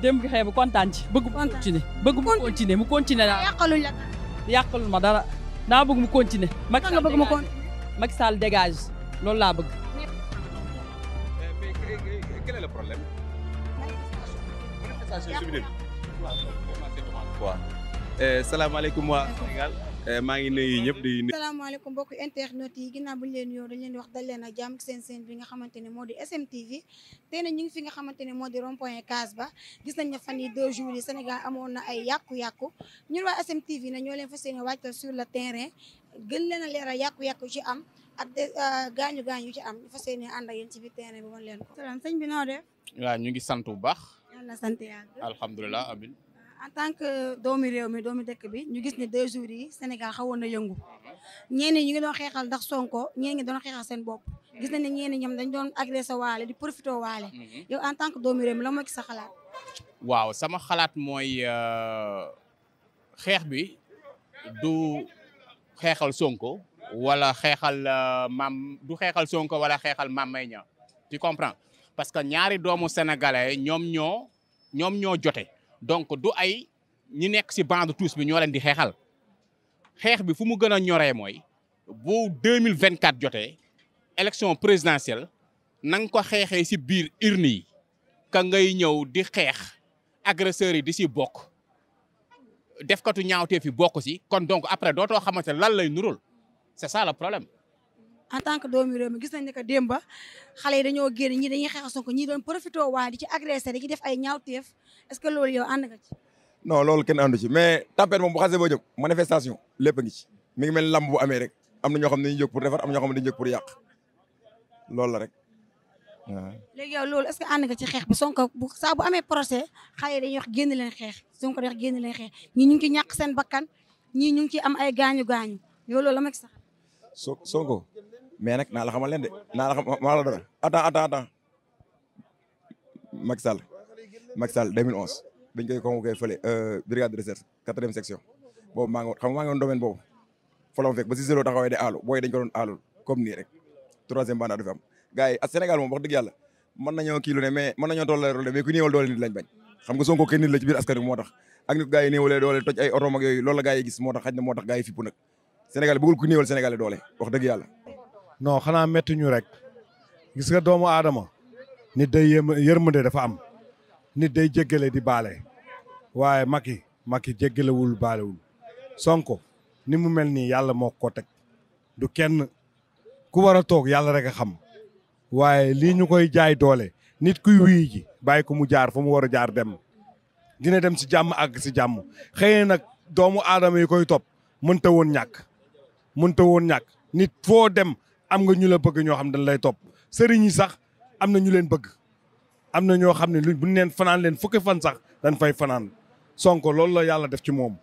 gi démb xeebu kontaan ci bëgg mu continuer bëgg mu continuer mu continuer daal yàqaluñ la yàqalul ma dara daa bëgg mu continuer Macky Sall bëgg mu continuer Macky Sall dégage loolu laa bëgg quel est le problème manifestation euh, salaamaaleykum waa Sénégal Eh, maa ngi nuyu ñëpp di. salaamaaleykum mbokki internet yi ginnaaw bu ñu leen yoo dañ leen di wax dal leen a jàmm ci seen seen bi nga xamante ne moo di SMTV tey nag ñu ngi fi nga xamante ne moo di rond point Case Ba gis nañ ne fan yi deux jours yi na ñoo leen fas yéene wàccal sur le terrain gën leen a leeral yàqu-yàqu ci am ak euh, gaañu gaañu ci am fas yéene ànd yen ci biir terrain bi wan leen ko. salaam sëñ bi noo def. waaw ñu ngi sant bu baax. yàlla sant yàlla. amin en tant que doomu réew mi doomu dëkk bi ñu gis ne deux jours yi Sénégal xawoon na yëngu ñenn ñi doon xeexal ndax Sonko ñenn ñi doon xeexal seen bopp gis nañ ne ñenn ñoom dañ doon agressé waale di profité waale mhm. yow en tant que doomu mi la moo ci sa xalaat waaw sama xalaat mooy euh, xeex bi du xeexal Sonko wala xeexal euh, maam du xeexal Sonko wala xeexal Mame Mbaye Niang tu comprends parce que ñaari doomu sénégalais ñoom ñoo ñoom ñoo jote donc du ay ñi nekk si bande tous bi ñoo leen di xeexal xeex bi fu mu gën a ñoree mooy bu 2024 jotee élection présidentielle na nga ko xeexee si biir urne yi ka ngay ñëw di xeex agresseurs yi di si bokk def defkatu ñaawtee fi bokk si kon donc après dootoo xamante lan lay nurul c'est ça le problème en tant que doomi réew gis nañ ne que démba xale yi dañoo génn ñi dañuy xeex Sonko ñi doon profité waa di ci agressé di ci def ay ñaawteef est-ce que loolu yow ànd nga ci non loolu kenn àndu ci mais tempête moom bu xasee ba jóg manifestation lépp a ngi ci mi ngi mel lamb bu amee rek am na ñoo xam ne pour defar am na ñoo xam ne dañuy jóg pour yàq loolu la rek waaw. léegi yow loolu est-ce que ànd nga ci xeex bi Sonko bu saa bu amee procès xale yi dañuy génn leen xeex Sonko dañuy génn leen xeex ñii ñu ngi ci ñàkk seen bakkan ñii ñu ngi ci am ay gaañu gaañu yow loolu la ma ci sax Sonko mais nag naa leen de naa la xam dara attends attends attends Macky Sall Macky Sall 2011 dañ euh, brigade de recherche quatrième section boobu maa xam nga maa ngi woon domaine boobu ma fekk ba si zéro taxawaay de aalu booy dañ ko doon aalul comme nii rek troisième mandat dafa am gars yi ak Sénégal moom wax dëgg yàlla mën nañoo kii lu ne mais mën nañoo tolloo doole nit lañ bañ xam nga Sonko kenn nit la biir askan wi moo tax ak ni ko gars yi néewalee doole toj ay otom yooyu loolu dëgg yàlla non xanaa métti ñu rek gis nga doomu aadama nit day yërmande dafa am nit day jéggale di baale waaye Macky Macky jéggalewul baalewul Sonko ni mu mel nii yàlla moo ko teg du kenn ku war a toog yàlla rek a xam waaye lii ñu koy jaay doole nit kuy wii bàyyi ko mu jaar fa mu war a jaar dem dina dem si jàmm àgg si jàmm xëy na nag doomu aadama yi koy topp mënta woon ñàkk mënta woon ñàkk nit foo dem am nga ñu la bëgg ñoo xam dañ lay topp sëriñ yi sax am na ñu leen bëgg am na ñoo xam ne luñ buñ leen fanaan leen fukki fan sax dañ fay fanaan sonko loolu la yàlla def ci moom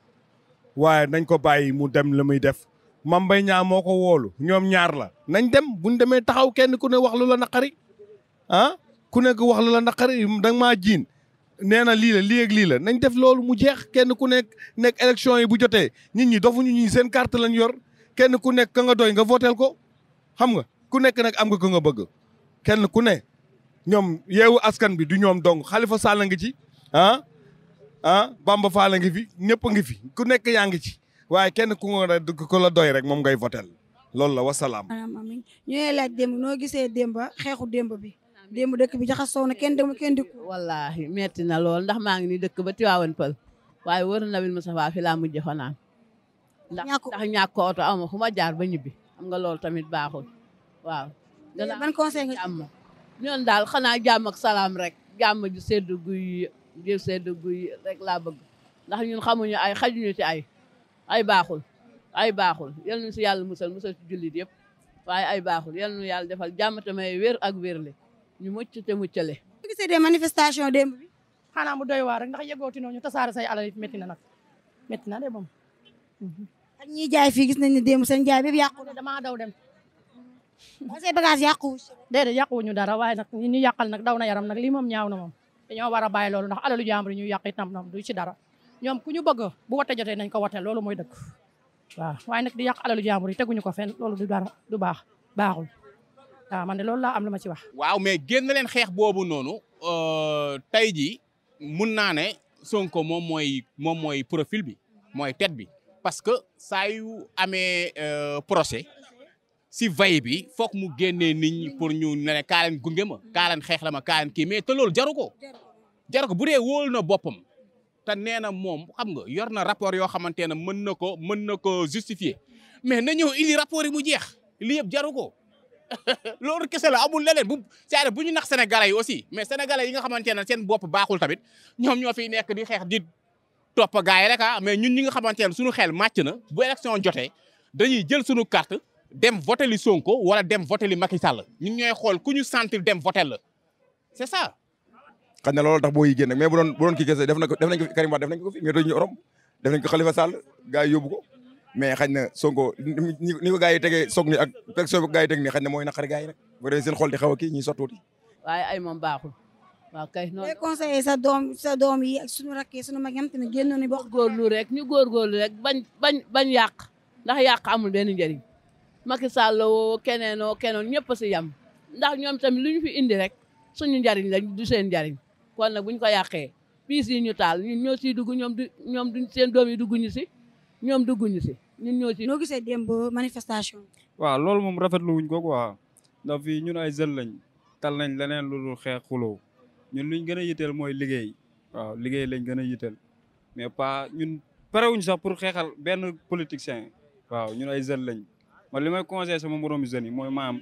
waaye nañ ko bàyyi mu dem la muy def Mame Mbaye Niang moo ko woolu ñoom ñaar la nañ dem buñ demee taxaw kenn ku ne wax lu la naqari ah ku nekk wax lu la naqari da maa jiin nee na lii la lii ak lii nañ def loolu mu jeex kenn ku nekk nekk élection yi bu jotee nit ñi dofuñu ñi seen carte lañ yor kenn ku nekk ka nga doy nga votel ko xam nga ku nekk nag am nga ko nga bëgg kenn ku ne ñoom yeewu askan bi du ñoom dong Khalifa Sall ngi ci ah ah Bamba Fall ngi fi ñëpp ngi fi ku nekk yaa ngi ci waaye kenn ku nga ko la doy rek moom ngay votel loolu la wasalaam. amiin ñu ngi noo gisee démb xeexu demb bi demb dëkk bi jaxasoo na kenn demul kenn dikku. metti na lool ndax maa ngi ni dëkk ba Tiwaawan Pël waaye wër na Nabil Moustapha fi laa mujjee fanaan. ndax ñàkk oto aw ma fu jaar ba ñibbi. xam nga loolu tamit baaxul waaw. dana ban am ñoon daal xanaa jàmm ak salaam rek jàmm ju sedd guy ju sedd guy rek laa bëgg ndax ñun xamuñu ay xajuñu ci ay ay baaxul ay baaxul yal nañu si yàlla musal musal ci jullit yëpp waaye ay baaxul yal nañu yàlla defal jàmm te may wér ak wérle ñu mucc te muccale. bu ñu gisee des manifestations bi. xanaa mu doy waar rek ndax yëgootinoo ñu tasaare say alal it métti na nag métti na de moom. Mhm. ak ñiy jaay fii gis nañ ne démb seen jaay bi yàqu na damaa daw dem ba say bagage yàquwu déedéet yàquwuñu dara waaye nag ñi ñu yàqal nag daw na yaram nag lii moom ñaaw na moom dañoo war a bàyyi loolu ndax alalu jàmbur ñu yàq itam nam du ci dara ñoom ku ñu bëgg bu wote jotee nañ ko wote loolu mooy dëkk waa waaye nag di yàq alalu jàmbur yi ñu ko fenn loolu du dara du baax baaxul waaw man de loolu laa am lu ma ci wax waaw mais na leen xeex boobu noonu euh, tey ji mun naa ne Sonko moom mooy moom mooy profil bi mooy tête bi parce que saa yu amee euh, procès si vay bi foog mu génnee nit ñi pour ñu ne kaa leen gunge ma kaa leen xeex la ma kaa leen kii mais te loolu jaru ko jaru ko bu dee wóolu na boppam te nee na moom xam nga yor na rapport yoo xamante ne mën na ko mën na ko justifier mais na ñëw indi rapport yi mu jeex li yëpp jaru ko loolu kese la amul leneen bu cest bu ñu nax sénégalais yi aussi mais sénégalais yi nga xamante ne seen bopp baaxul tamit ñoom ñoo fiy nekk di xeex di topp gars yi rek ah mais ñun ñi nga xamante ne suñu xel màcc na bu élection jotee dañuy jël suñu kart dem voté li Sonko wala dem voté li Macky Sall ñun ñooy xool ku ñu sentir dem voté la c'est ça. xam na loolu tax boo yi génn mais bu doon bu doon kii kese def na ko def nañ ko fi Karim Wade def nañ ko fi mais dañu orom def nañ ko Khalifa Sall gars yi yóbbu mais xañ na Sonko ni ko gars yi tegee soog ni ak soo ko gars yi teg nii xañ na mooy naqari gars yi rek bu dee seen xol di xaw a kii ñuy sottuuti. waaye ay moom baaxul. waaw kay noonu les conseillé sa doom sa doom yi ak suñu rakk suñu mag yi xam te ñu bokk góorlu rek ñu góorgóorlu rek bañ bañ bañ yàq ndax yàq amul benn njariñ Macky Sall woo keneen oo keneen ñëpp si yam ndax ñoom tamit lu ñu fi indi rek suñu njariñ lañ du seen njariñ kon nag buñ ko yàqee piis ñu taal ñu ñoo siy dugg ñoom du ñoom du seen doom dugguñu si ñoom dugguñu si ñun ñoo si noo gisee démb manifestation waaw loolu moom rafetlu wuñ ko quoi ndax fii ñun ay jël lañ tal nañ leneen lu dul xeex xuloo ñun luñ gën a yitteel mooy liggéey waaw liggéey lañ gën a yitteel mais pas ñun parewuñ sax pour xeexal benn politicien waaw ñun ay jeunes lañ ma li may conseillé sama moroom jeunes yi mooy maam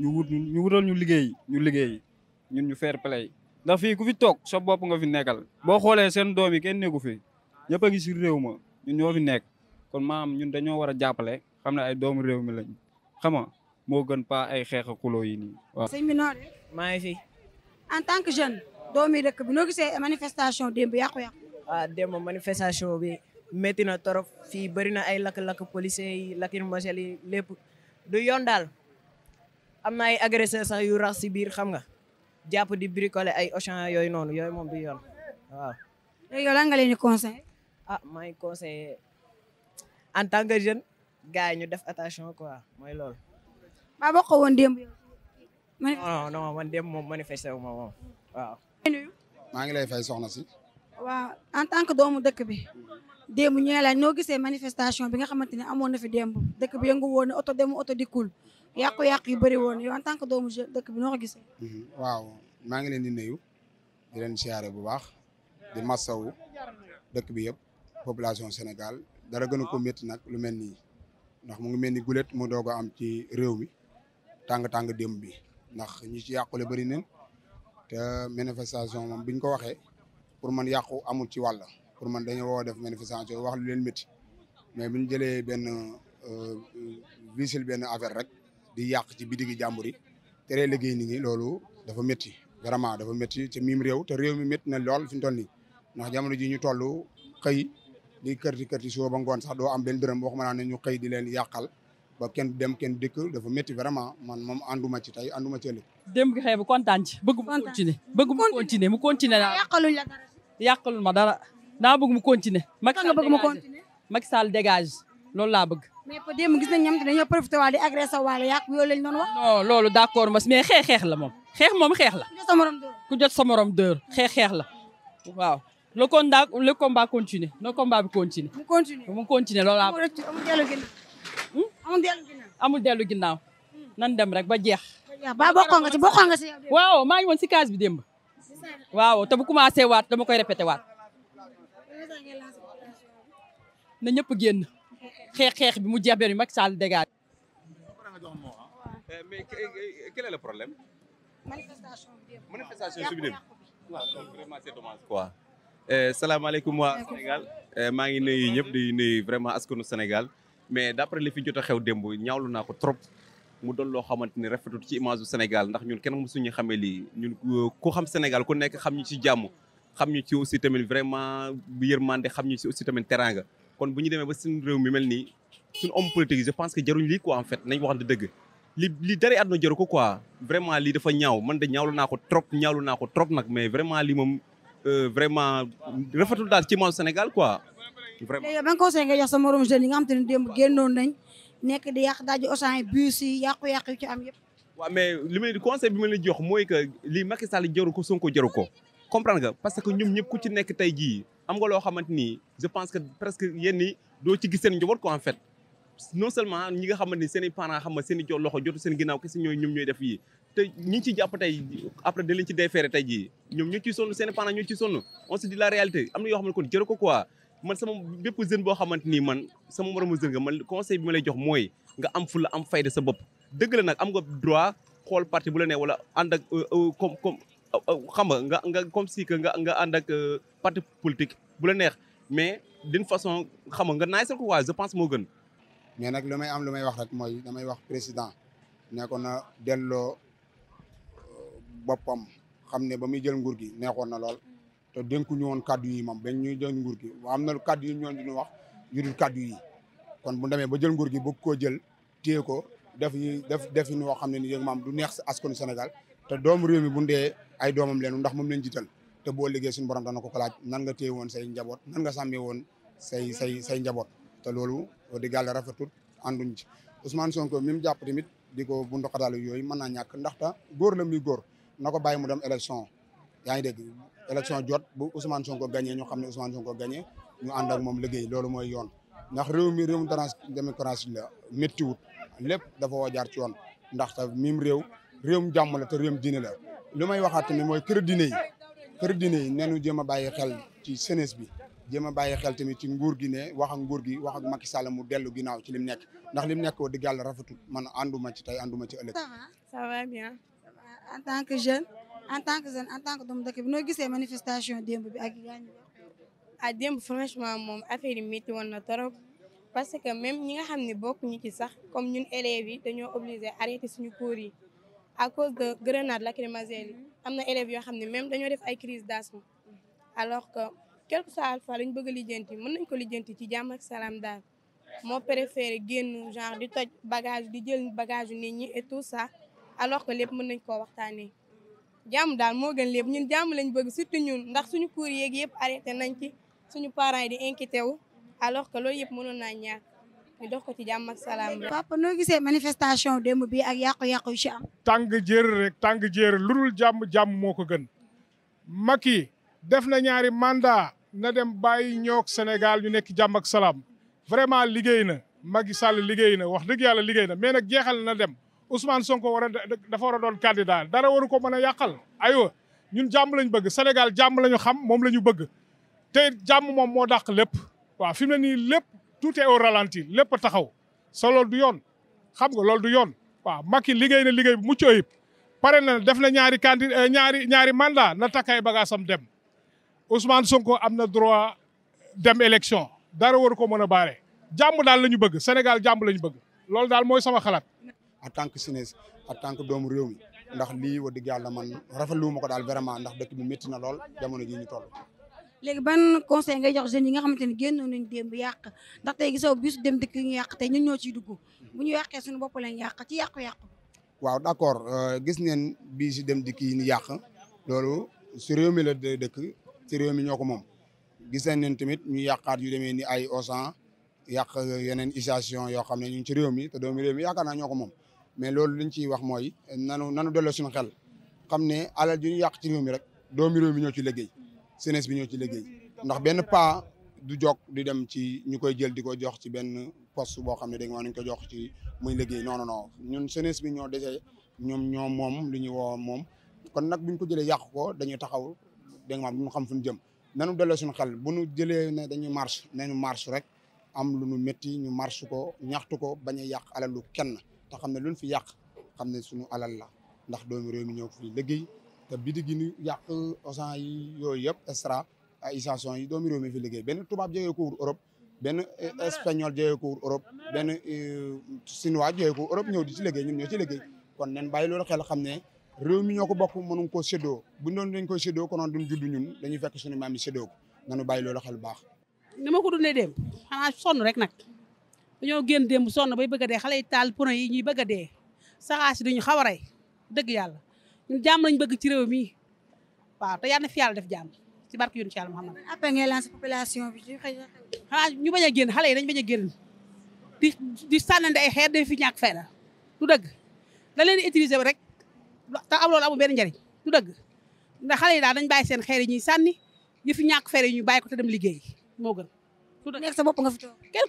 ñu wut ñu wutal ñu liggéey ñu liggéey ñun ñu fair play ndax fii ku fi toog sa bopp nga fi nekkal boo xoolee seen doom yi kenn nekku fi ñëpp a si réew ma ñun ñoo fi nekk kon maam ñun dañoo war a jàppale xam ne ay doomu réew mi lañ xam nga moo gën pa ay xeex a yi nii en tant que jeune doomi dëkk bi noo gisee manifestation démb yàqu-yàqu. ah démb manifestation bi métti na torop fii bëri na ay lakk-lakk policiers yi lacrymogènes yi lépp du yoon daal am na ay agresseur sax yu rax si biir xam nga jàpp di bricoler ay Auchan yooyu noonu yooyu moom du yoon waaw. léegi yow lan nga leen di ah maa ngi en tant que jeune gars yi ñu def attention quoi mooy loolu. maa non non man dem moom manifesté wu ma moom waaw. maa ngi lay fay soxna si. waaw en tant que doomu dëkk bi démb ñu ngi lay noo gisee manifestation bi nga xamante ne amoon na fi démb dëkk bi yëngu woon oto dem oto dikkul yàqu-yàqu yu bëri woon yow en tant que doomu dëkk bi noo ko mhm. waaw maa ngi leen di nuyu di leen bu baax di massawu dëkk bi yëpp population Sénégal dara gën a ko nag lu mel nii ndax mu ngi mel ni gulet mu doog a am ci réew mi tàng-tàng démb bi. ndax ñi ci yàqule bëri neen te manifestation moom biñ ko waxee pour man yàqu amul ci wàll pour man dañoo woo def manifestation wax lu leen métti mais bu ñu jëlee benn euh, visil benn affaire rek di yàq ci bitigi jàmbur yi tere liggéey nit ñi loolu dafa métti vraiment dafa métti ci miim réew te réew mi métti na lool fi ñu toll nii ndax jamono ji ñu toll xëy di kërti kërti suba ba ngoon sax doo am benn dërëm waxuma naa ne ñu xëy di leen yàqal ba kenn dem kenn dëkk dafa métti vraiment man moom ànduma ci tey ànduma ma ëllëg. démb gi xëy bu kontaan ci bëgg mu continuer bëgg mu continuer mu continuer daal yàqaluñ la dara. yàqalul ma dara daa bëgg mu continuer. Macky Sall bëgg mu continuer. Macky Sall dégage loolu laa bëgg. mais peut démb gis nañ ñoom dañoo profité waa di agressé waa la yàq yooyu lañ doon wax. non loolu d' accord mas mais xeex xeex la moom xeex moom xeex la. ku jot sa dër ku jot sa morom dër xeex xeex la waaw. le combat le combat continue la combat bi continue. mu continue mu continue loolu laa. amul dellu ginnaaw amul hmm. nan dem rek ba jeex. ba bokkoon nga ci bokkoon nga ci. waaw maa ngi woon si case bi démb. waaw te bu commencé waat dama koy répété waat. na ñëpp génn. xeex xeex bi mu jeex benn bi Macky Sall dégage. problème. manifestation bi dem eh, salaamaaleykum waa Sénégal eh, maa ngi nuyu ñëpp di nuyu vraiment askanu Sénégal. mais d'après li fi jot a xew démb ñaawlu naa ko trop mu doon loo xamante ni rafetut ci image du Sénégal ndax ñun kenn mësuñu xamee lii ñun euh, ku xam Sénégal ku nekk xam ñu ci jàmm xam ñu ci aussi tamit vraiment mande xam ñu si aussi tamit teraanga kon bu ñu demee ba suñu réew mi mel nii suñu homme politique je pense que jaruñ lii ko en fait nañ waxante dëgg li li dara àdduna jaru ko quoi vraiment lii dafa ñaaw man de ñaawlu naa ko trop ñaawlu naa ko trop nag mais vraiment li moom euh, vraiment rafetul daal ci image du Sénégal quoi vraiment léegi ban conseil nga jox sa morom jeunes yi nga yàq daal am li ma bi jox mooy que lii Macky Sall jaru ko Sonko jaru ko comprendre nga que ñoom ñëpp ku ci nekk tey jii am nga loo xamante ni je pense que presque yenn yi doo ci gis seen njaboot ko en fait non seulement ñi nga xamante ni seen i parents xam nga seen i jo loxo jotu seen ginnaaw kese ñooy ñoom ñooy def yi te ñi ci jàpp tey après da ci déféré tey jii ñoom ñoo ciy sonn seen i parents ñoo ciy sonn on se dit la réalité am na yoo xam ne kon jëru ko man sama bépp jeune boo xamante ni man sama moromu jeune nga man conseil bi ma lay jox mooy nga am fulla am fayda sa bopp dëgg nag am nga droit xool parti bu la ne wala ànd ak euh, euh, comme comme euh, xam nga nga comme si que nga nga ànd ak parti politique bu la neex mais d'une façon xam nga naay sa ko waa je pense moo gën mais nag lu may am lu may wax rek mooy damay wax président nekkoon na delloo boppam xam ne ba muy jël nguur gi neexoon na lool te dénkuñu woon kàddu yi moom bañ ñuy jël nguur gi am na kàddu yi ñoon diñu wax yu dul kàddu yi kon bu demee ba jël nguur gi bëgg koo jël téye ko def yi def def woo xam ne ni yéen maam du neex si askanu Sénégal te doom réew mi bu ndee ay doomam leenu ndax moom leen jiital te boo liggéey suñu borom dana ko ko laaj nan nga woon say njaboot nan nga woon say say say njaboot te loolu di gàll rafetut ànduñ ci Ousmane Sonko mi mu jàpp tamit di ko bundu xataal yooyu mën naa ñàkk ndaxte góor la muy góor na ko bàyyi mu dem élection yaa ngi élection jot bu Ousmane Sonko gagné ñu xam ne Ousmane Sonko gagné ñu ànd ak moom liggéey loolu mooy yoon ndax réew mi réewum trans démocratie la méttiwut lépp dafa woo jaar ci yoon ndax te mim réew réewum jàmm la te réewum diine la li may waxaat tamit mooy kër diine yi kër diine yi nenu jéem a bàyyi xel ci sénès bi jéem a bàyyi xel tamit ci nguur gi ne wax nguur gi wax ak Macky Sall mu dellu ginnaaw ci lim nekk ndax lim nekk wax dëgg yàlla rafetul man ànduma ci tey ànduma ci ëllëg. ça en tant que jeune en tant que doomu dëkk bi noo gisee manifestation démb bi ak gaañu a ah, démb franchement moom affaire yi métti woon na trop parce que même ñi nga xam ne bokkuñu ci sax comme ñun élèves yi dañoo obligé arrêté suñu cours yi à cause de grenade lacrymogène yi am na élève yoo xam ne même dañoo def ay crise d'asthme alors que quel que soit alpha lañ bëgg a lijjanti mën nañ ko lijjanti ci jàmm ak salaam daal moo préféré génn genre di toj bagage di jël bagage nit ñi et tout ça alors que mën nañ koo waxtaanee jàmm daal moo gën lépp ñun jàmm lañ bëgg surtout ñun ndax suñu cours yeeg yëpp arrêté nañ ci suñu parent yi di inquiété wu alors que loolu yëpp mënoon naa ñàkk ñu dox ko ci jàmm ak salaam. papa noo gisee manifestation démb bi ak yàqu-yàqu yu ci am. tàng jër rek tàng lu dul jàmm jàmm moo ko gën Macky def na ñaari manda na dem bàyyi ñoog Sénégal ñu nekk jàmm ak salaam vraiment liggéey na Macky Sall liggéey na wax dëgg yàlla liggéey na mais nag jeexal na dem. Ousmane Sonko war a dafa war a doon candidat dara waru ko mën a yàqal aywa ñun jàmm lañ bëgg Sénégal jàmm la ñu xam moom la ñu bëgg te jàmm moom moo dàq lépp waaw fi na nii lépp tout est au ralenti lépp taxaw so loolu du yoon xam nga loolu du yoon waaw Macky liggéey na liggéey bu mucc ayib pare na def na ñaari candidat eh, ñaari ñaari mandat na takkaay sam dem Ousmane Sonko am na droit dem élection dara war ko mën a baare jàmm daal la ñu bëgg Sénégal jàmm la ñu bëgg loolu daal mooy sama xalaat en tant que Sénégalais en tant que doomu réew mi ndax lii wax dëgg yàlla man rafetlu ma ko daal vraiment ndax dëkk bi métti na lool jamono ji ñu toll. léegi ban conseil ngay jox jeunes yi nga xamante ne génnoon nañ démb yàq ndax tey gisoo bisu dem dëkk ñu yàq tey ñun ñoo ciy dugg bu ñu yàqee suñu bopp lañ yàq ci yàqu-yàqu. waaw d'accord euh, gis ngeen bii si dem dikk yi ñu yàq loolu si réew mi la dëkk si réew mi ñoo ko moom gis nañ tamit ñu yàqaat yu demee ni ay Auchan yàq yeneen station yoo xam ne ñu ngi ci réew mi te doomu réew mi yaakaar naa ñoo ko moom mais loolu li ñu ciy wax mooy nanu nanu delloo suñu xel xam ne alal ju ñu yàq ci réew mi rek doomi réew mi ñoo ci liggéey jeunesse bi ñoo ci liggéey ndax benn pas du jog di dem ci ñu koy jël di ko jox ci benn poste boo xam ne da nga ñu ko jox ci muy liggéey non non non ñun jeunesse bi ñoo dese ñoom ñoom moom li ñu woo moom kon nag buñ ko jëlee yàq ko dañu taxaw da nga maam duñu xam fu ñu jëm nanu dollo suñu xel bu nu jëlee ne dañu marche nañu marche rek am lu ñu métti ñu marche ko ñaxtu ko bañ a yàq alalu kenn te xam ne luñ fi yàq xam ne suñu alal la ndax doomu réew mi ñoo fi liggéey te bitig yi ñu yooyu yëpp extra ay station yi doomu réew mi fi liggéey benn tubaab jógee ko wut Europe benn espagnol jógee ko wut Europe benn euh, chinois jógee ko Europe ñëw di ci liggéey ñun ñoo ci liggéey kon nen bàyyi loolu xel xam ne réew mi ñoo ko bokk mënuñ koo séddoo buñ doon dañ koy séddoo konoon duñ judd ñun dañuy fekk suñu maam yi séddoo ko nanu bàyyi loolu xel bu baax. ni ma ko dundee dem xanaa sonn rek nag. dañoo génn démb sonn bay bëgg a dee xale yi taal pono yi ñuy bëgg dee saxaas yi dañu xaw a rey dëgg yàlla ñun jàmm lañ bëgg ci réew mi waaw te yàlla na fi yàlla def jàmm ci barke yoonu ci yàlla Muhammad appel ngay lancé population bi xanaa ñu bañ a génn xale yi dañ bañ a génn di di sànnante xeer day fi ñàkk fay la du dëgg da leen di utiliser rek te am loolu amul benn njariñ du dëgg nda xale yi daal dañ bàyyi seen xeer yi ñuy sànni yi fi ñàkk fay la ñu bàyyi ko te dem liggéey moo gën ku nekk sa bopp nga fi toog kenn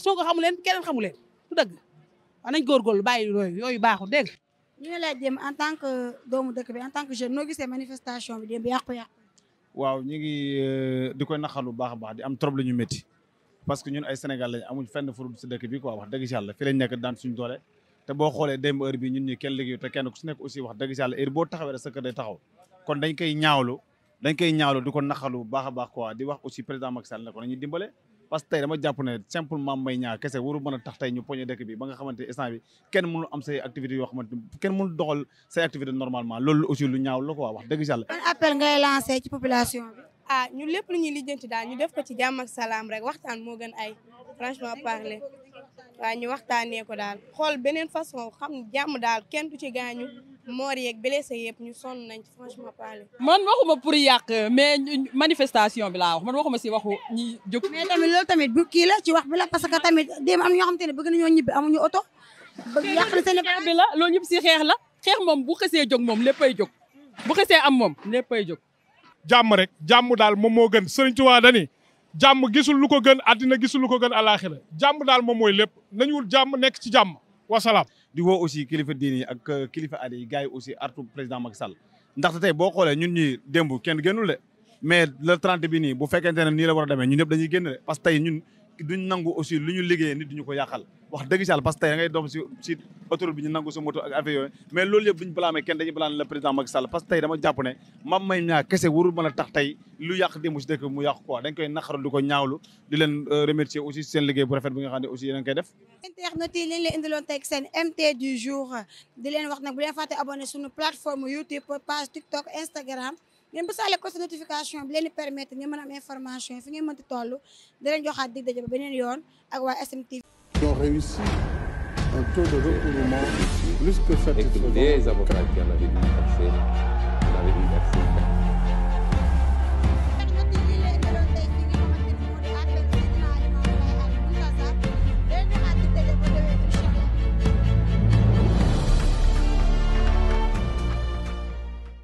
xamu leen keneen xamu leen du dëgg wax nañ góorgóorlu bàyyi yooyu yooyu baaxul ñu ne laaj dem en tant que doomu dëkk bi en tant que jeune noo gisee manifestation bi démb yàqu-yàqu waaw ñu ngi euh, di koy naxalu baax a baax di am trop la ñu métti parce que ñun ay Sénégal lañ amuñ fenn furub si dëkk bi quoi wax dëgg si yàlla fi lañ nekk daan suñu doole te boo xoolee démb heure bi ñun ñi kenn liggéeyu te kenn ku si nekk aussi wax dëgg si yàlla heure boo dañ koy ñaawlu di ko naxalu bu baax a baax quoi di wax aussi président Macky Sall ne ko nañu dimbale parce que dama jàpp ne simplement may ñaar kese waru mën a tax tey ñu poñe dëkk bi ba nga xamante instant kenn mënul am say activités normalement loolu aussi lu ñaaw la quoi wax dëgg ah, salaam rek waxtaan moo ay franchement parler waaw ñu waxtaanee ko daal xool beneen façon xam jàmm daal kenn du ci gaañu. moor yeeg blessé yëpp ñu sonn nañ ci franchement parler. man waxuma pour yàq mais manifestation bi laa wax man waxuma si waxu ñi jóg. mais tamit loolu tamit bu kii la ci wax bi la parce que tamit démb am na ñoo ne bëgg nañoo ñibbi amuñu oto. bëgg yàq na seen bi la loolu ñëpp si xeex la xeex moom bu xesee jóg moom léppay jóg bu xesee am moom léppay jóg. jàmm rek jàmm daal moom moo gën Serigne Touba dani jàmm gisul lu ko gën àddina gisul lu ko gën àlaaxira jàmm daal moom mooy lépp nañu wul jàmm nekk ci jàmm. wasalaam di woo aussi kilifa diini yi ak euh, kilifa aada yi gars aussi artu président Macky Sall ndaxte tey boo xoolee ñun ñi démb kenn génnul de mais le trente bi nii bu fekkente ne nii la war a demee ñun ñëpp dañuy génn de parce que tey ñun duñ nangu aussi lu ñu liggéeyee nit duñu ko yàqal wax dëgg si yàlla parce que tey da ngay doom si si autoroute bi ñu nangu sa moto ak mais loolu yëpp bu ñu kenn dañuy blâmé le président Macky Sall parce que dama jàpp ne Mame Mbaye kese warul mën a tax tey lu yàq démb si dëkk mu yàq quoi dañ koy naqaru di ko ñaawlu di leen euh, remercier aussi seen liggéey bu rafet bi nga aussi yéen a def internet indiloon tey seen MT du jour di leen wax nag bu leen fàtte abonné suñu plateforme YouTube page TikTok Instagram qui ont réussi un taux de recouvrement plus que satisfaisant. Et que les avocats qui en avaient